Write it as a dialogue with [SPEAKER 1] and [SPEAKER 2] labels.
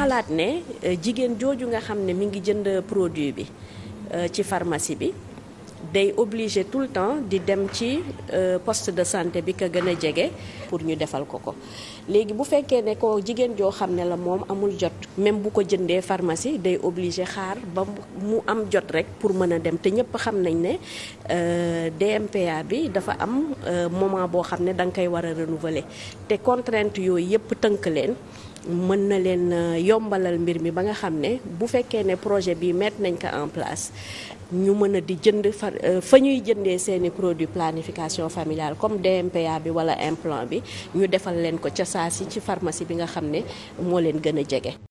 [SPEAKER 1] xalaat ne euh, jigéen jooju nga xam ne mi ngi jënd produit bi euh, ci pharmacie bi day obligé tout le temps di dem ci euh, poste de santé bi ko gën a jege pour ñu defal ko ko léegi bu fekkee ne ko jigéen joo xam ne la moom amul jot même bu ko jëndee pharmacie day obliger xaar ba mu am jot rek pour mën a dem te ñëpp xam nañ ne DMPA bi dafa am moment boo xam ne da nga koy war a renouveler te contrainte yooyu yëpp tënk leen mën na leen euh, yombalal mbir mi ba nga xam ne bu fekkee ne projet bi mettre nañ ko en place ñu mën a di jënd fa euh, fa ñuy jëndee seeni produit planification familiale comme DMPA bi wala implant bi ñu defal leen ko ca saa si ci pharmacie bi nga xam ne moo leen gën a jege